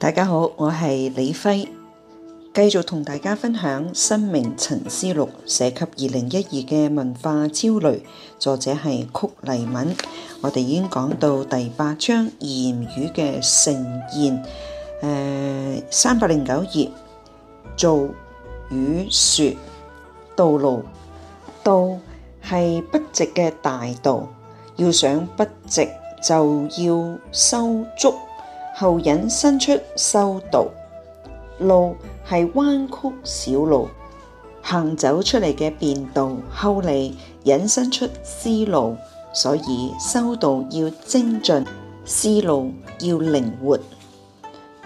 大家好，我係李輝，繼續同大家分享新陳《生命沉思錄》寫給二零一二嘅文化焦慮，作者係曲黎敏。我哋已經講到第八章言語嘅盛宴，誒、呃，三百零九頁做與說，道路道係不直嘅大道，要想不直就要修足。後引申出修道路係彎曲小路，行走出嚟嘅變道，後嚟引申出思路，所以修道要精進，思路要靈活。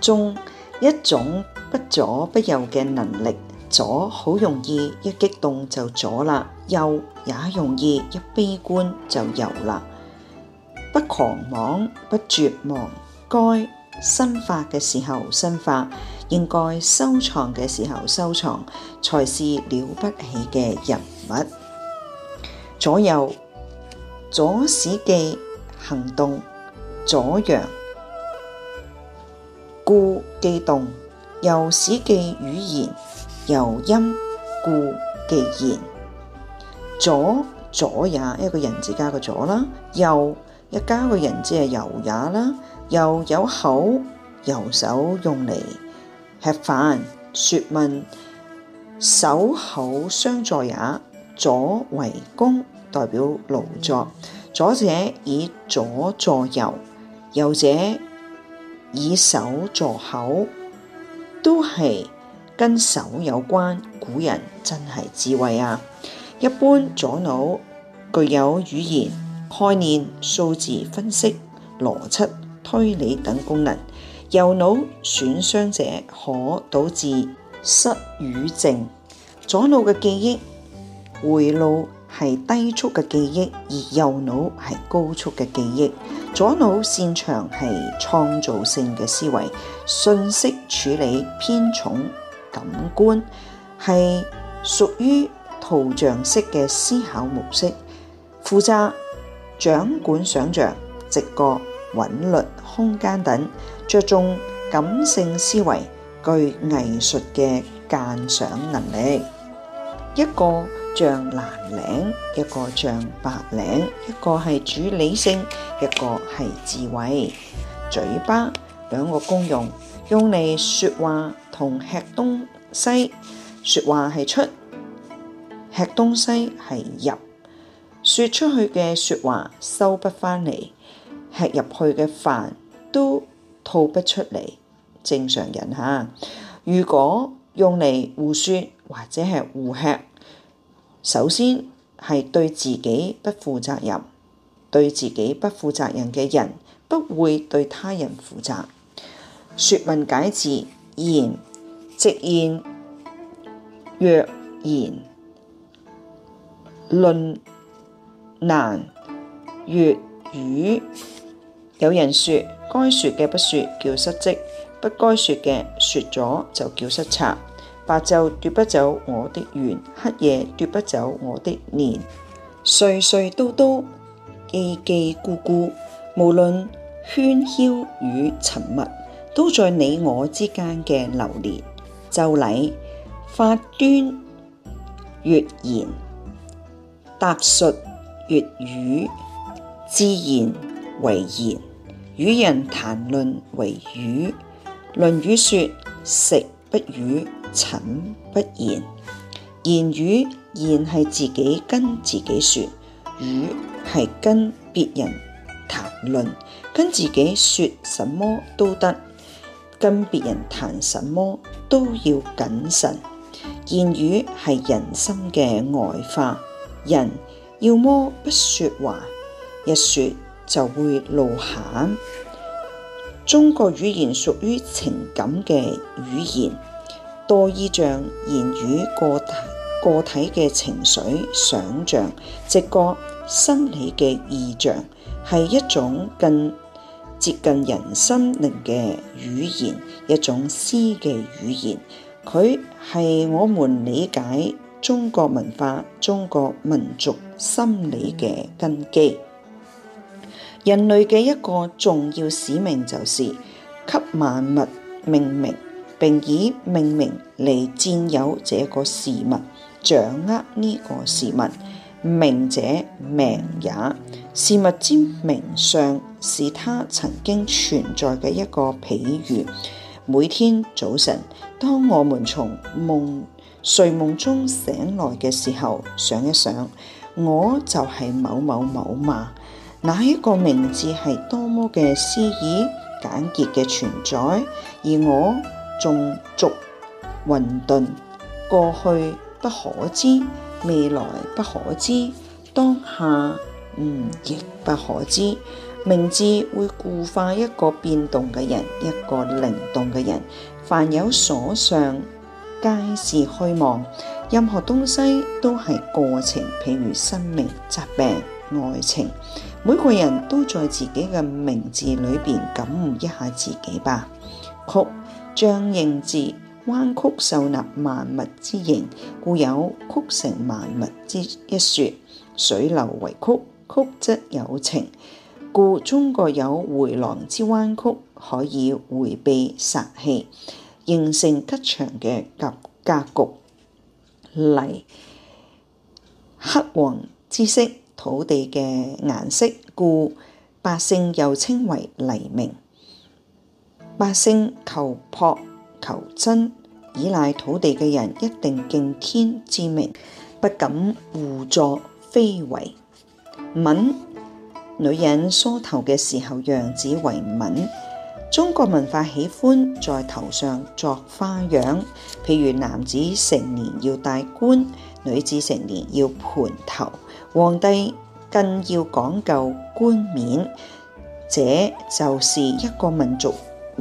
中一種不左不右嘅能力，左好容易一激動就左啦，右也容易一悲觀就右啦。不狂妄，不絕望，該。新發嘅時候新發，應該收藏嘅時候收藏，才是了不起嘅人物。左右，左史記行動左陽，故記動；右史記語言右陰，由音故記言。左，左也，一個人字加個左啦，右一加個人字係右也啦。又有口右手用嚟吃飯說問，手口相助也。左為工，代表勞作。左者以左助右，右者以手助口，都係跟手有關。古人真係智慧啊！一般左腦具有語言、概念、數字分析、邏輯。推理等功能，右腦損傷者可導致失語症。左腦嘅記憶回路係低速嘅記憶，而右腦係高速嘅記憶。左腦擅長係創造性嘅思維，信息處理偏重感官，係屬於圖像式嘅思考模式，負責掌管想象、直覺。韻律、空間等，着重感性思維、具藝術嘅鑒賞能力。一個像藍領，一個像白領，一個係主理性，一個係智慧。嘴巴兩個功用，用嚟說話同吃東西。說話係出，吃東西係入。說出去嘅說話收不返嚟。吃入去嘅飯都吐不出嚟，正常人嚇。如果用嚟胡説或者係胡吃，首先係對自己不負責任。對自己不負責任嘅人，不會對他人負責。説文解字，言直言，若言論難越語。有人說，「該説嘅不説叫失職，不該説嘅説咗就叫失策。」白晝奪不走我的緣，黑夜奪不走我的念。碎碎都都，記記咕咕，無論喧囂與沉默，都在你我之間嘅流連。就禮法端月言，越言答述月語，越語自然為言。與人談論為語，《論語》說：食不語，寢不言。言語言係自己跟自己說，語係跟別人談論。跟自己說什麼都得，跟別人談什麼都要謹慎。言語係人心嘅外化，人要麼不說話，一說。就會露餡。中國語言屬於情感嘅語言，多意象，言語個體、個體嘅情緒、想象、直覺、心理嘅意象，係一種更接近人心靈嘅語言，一種詩嘅語言。佢係我們理解中國文化、中國民族心理嘅根基。人類嘅一個重要使命，就是給萬物命名，並以命名嚟佔有這個事物，掌握呢個事物。名者名也，事物之名相是它曾經存在嘅一個比喻。每天早晨，當我們從夢睡夢中醒來嘅時候，想一想，我就係某某某嘛。哪一個名字係多麼嘅詩意簡潔嘅存在，而我仲逐混沌。過去不可知，未來不可知，當下嗯，亦不可知。名字會固化一個變動嘅人，一個靈動嘅人。凡有所想，皆是虛妄。任何東西都係過程，譬如生命、疾病、愛情。每個人都在自己嘅名字裏邊感悟一下自己吧。曲，象形字，彎曲受納萬物之形，故有曲成萬物之一説。水流為曲，曲則有情，故中國有回廊之彎曲，可以迴避煞氣，形成吉祥嘅格局。例，黑黃之色。土地嘅顏色，故百姓又稱為黎民。百姓求樸求真，依賴土地嘅人一定敬天之命，不敢胡作非為。敏，女人梳頭嘅時候，樣子為敏。中國文化喜歡在頭上作花樣，譬如男子成年要戴冠，女子成年要盤頭。皇帝更要講究冠冕，這就是一個民族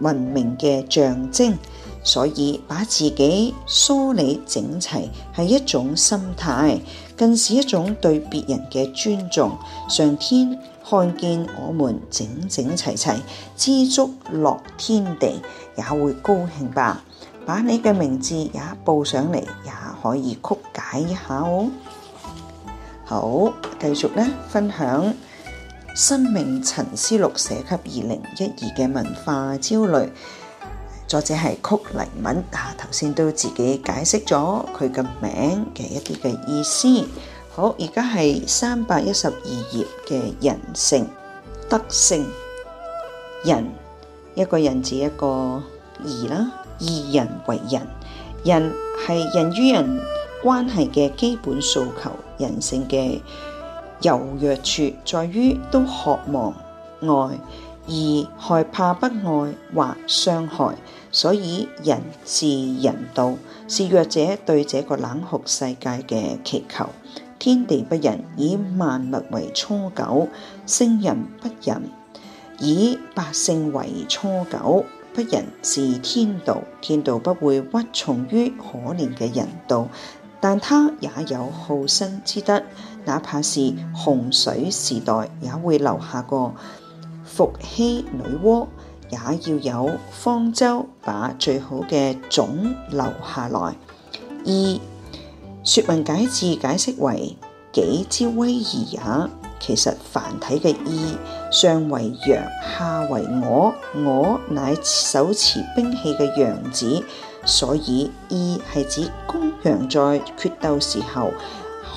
文明嘅象徵。所以把自己梳理整齊係一種心態，更是一種對別人嘅尊重。上天看見我們整整齊齊，知足樂天地也會高興吧。把你嘅名字也報上嚟，也可以曲解一下哦。好，繼續咧分享《生命沉思錄寫給二零一二嘅文化焦慮》，作者係曲黎敏。啊，頭先都自己解釋咗佢嘅名嘅一啲嘅意思。好，而家係三百一十二頁嘅人性德性仁，一個人字一個二啦，二人為仁，仁係人與人關係嘅基本訴求。人性嘅柔弱處，在於都渴望愛，而害怕不愛或傷害。所以人是人道，是弱者對這個冷酷世界嘅祈求。天地不仁，以萬物為芻狗；聖人不仁，以百姓為芻狗。不仁是天道，天道不會屈從於可憐嘅人道。但他也有好生之德，哪怕是洪水時代，也會留下個伏羲女媧，也要有方舟把最好嘅種留下來。義《説文解字》解釋為己之威儀也，其實繁體嘅「義」上為羊，下為我，我乃手持兵器嘅樣子。所以義係指公羊在決鬥時候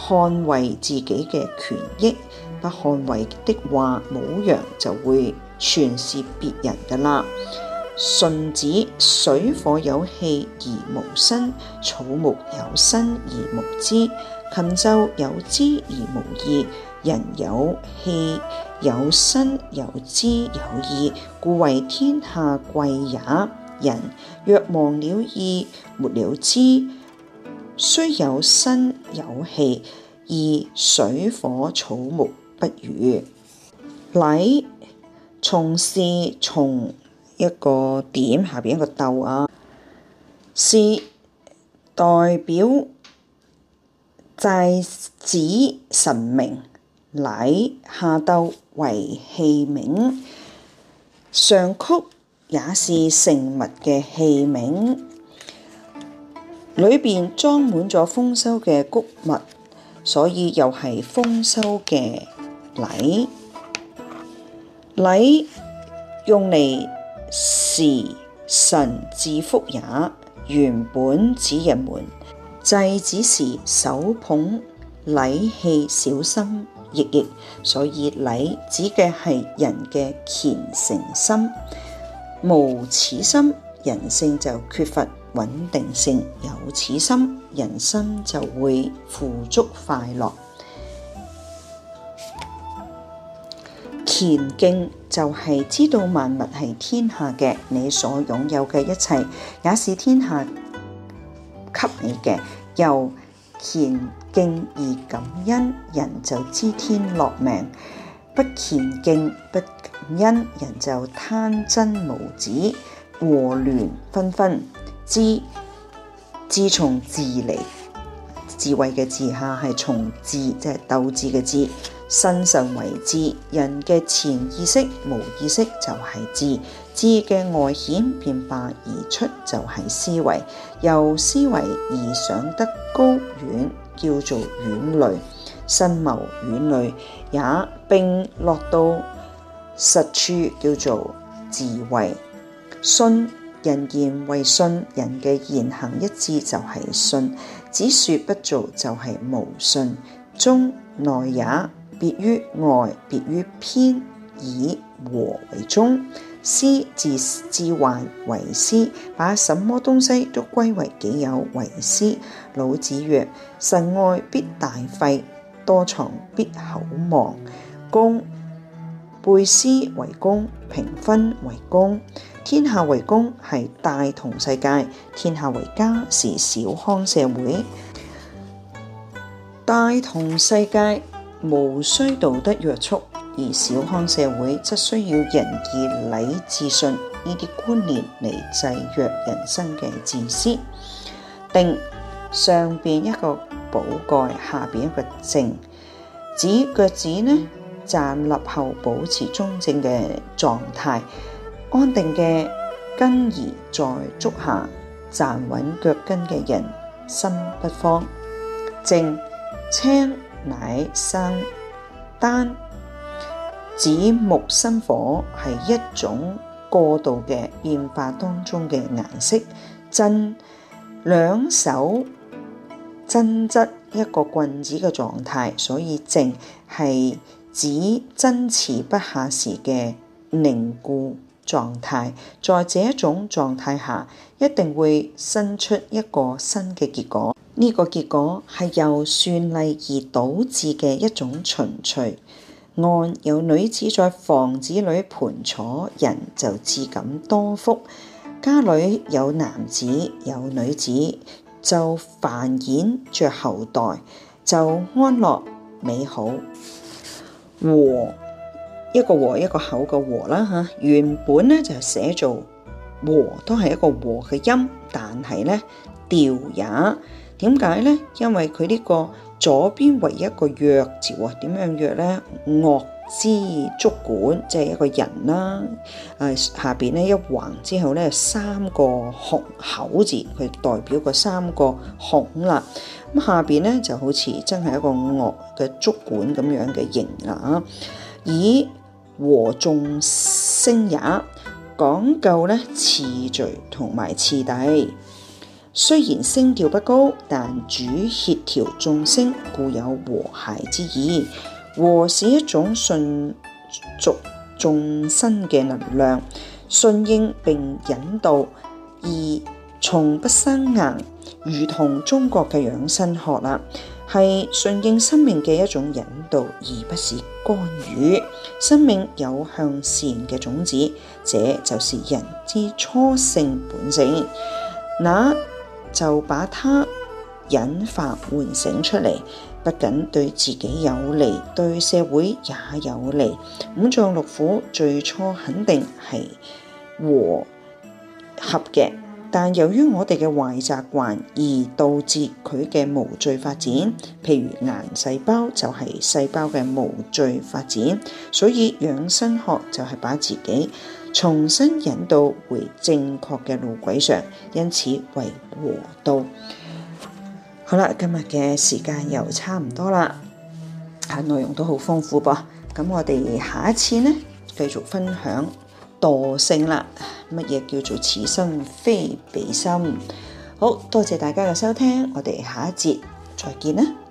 捍衛自己嘅權益，不捍衛的話，母羊就會損蝕別人嘅啦。荀子，水火有氣而無生，草木有生而無知，禽獸有知而無義，人有氣有生有知有義，故為天下貴也。人若忘了意，沒了知，雖有身有氣，而水火草木不如。禮，從是從一個點下邊一個斗啊，是代表祭祀神明，禮下斗為器皿，上曲。也是聖物嘅器皿，裡面裝滿咗豐收嘅穀物，所以又係豐收嘅禮。禮用嚟事神致福也。原本指人們祭祀時手捧禮器，小心翼翼，所以禮指嘅係人嘅虔誠心。無恥心，人性就缺乏穩定性；有恥心，人生就會富足快樂。虔敬就係知道萬物係天下嘅，你所擁有嘅一切也是天下給你嘅，由虔敬而感恩，人就知天樂命。不虔敬，不因人就貪真無止，禍亂紛紛。自自從智嚟，智慧嘅智下係從智，即係鬥智嘅智。身神為智，人嘅潛意識、無意識就係智。智嘅外顯變化而出就係思維，由思維而想得高遠，叫做遠慮。身謀遠慮，也並落到。實處叫做智慧。信，人言為信，人嘅言行一致就係信，只說不做就係無信。中，內也別於外，別於偏，以和為中。私，自自環為私，把什麼東西都歸為己有為私。老子曰：甚愛必大費，多藏必厚亡。公背私為公，平分為公，天下為公係大同世界；天下為家是小康社會。大同世界無需道德約束，而小康社會則需要仁義禮智信呢啲觀念嚟制約人性嘅自私。定上邊一個寶蓋，下邊一個正，指腳趾呢？站立後保持中正嘅狀態，安定嘅根兒在足下，站穩腳跟嘅人心不慌。正青乃生丹，指木生火，係一種過渡嘅變化當中嘅顏色。真兩手爭執一個棍子嘅狀態，所以靜係。指爭持不下時嘅凝固狀態，在這種狀態下，一定會生出一個新嘅結果。呢、這個結果係由算例而導致嘅一種循序。安有女子在房子裏盤坐，人就自感多福；家裏有男子有女子，就繁衍着後代，就安樂美好。和一個和一個口嘅和啦吓，原本咧就寫做和，都係一個和嘅音，但係咧調也，點解咧？因為佢呢個左邊為一個龠字啊，點樣龠咧？樂之竹管，即係一個人啦，誒下邊咧一橫之後咧三個孔口字，佢代表個三個孔啦。咁下邊咧就好似真係一個樂嘅竹管咁樣嘅形啦嚇，以和眾聲也，講究咧次序同埋次第。雖然聲調不高，但主協調眾聲，故有和諧之意。和是一種順足眾生嘅能量，順應並引導而，從不生硬，如同中國嘅養生學啦，係順應生命嘅一種引導，而不是干預。生命有向善嘅種子，這就是人之初性本性。那就把它引發喚醒出嚟，不僅對自己有利，對社會也有利。五臟六腑最初肯定係和合嘅。但由於我哋嘅壞習慣而導致佢嘅無序發展，譬如癌細胞就係細胞嘅無序發展，所以養生學就係把自己重新引導回正確嘅路軌上，因此為和道。好啦，今日嘅時間又差唔多啦，係內容都好豐富噃，咁我哋下一次呢繼續分享。惰性啦，乜嘢叫做此心非彼心？好多謝大家嘅收聽，我哋下一節，再見啦。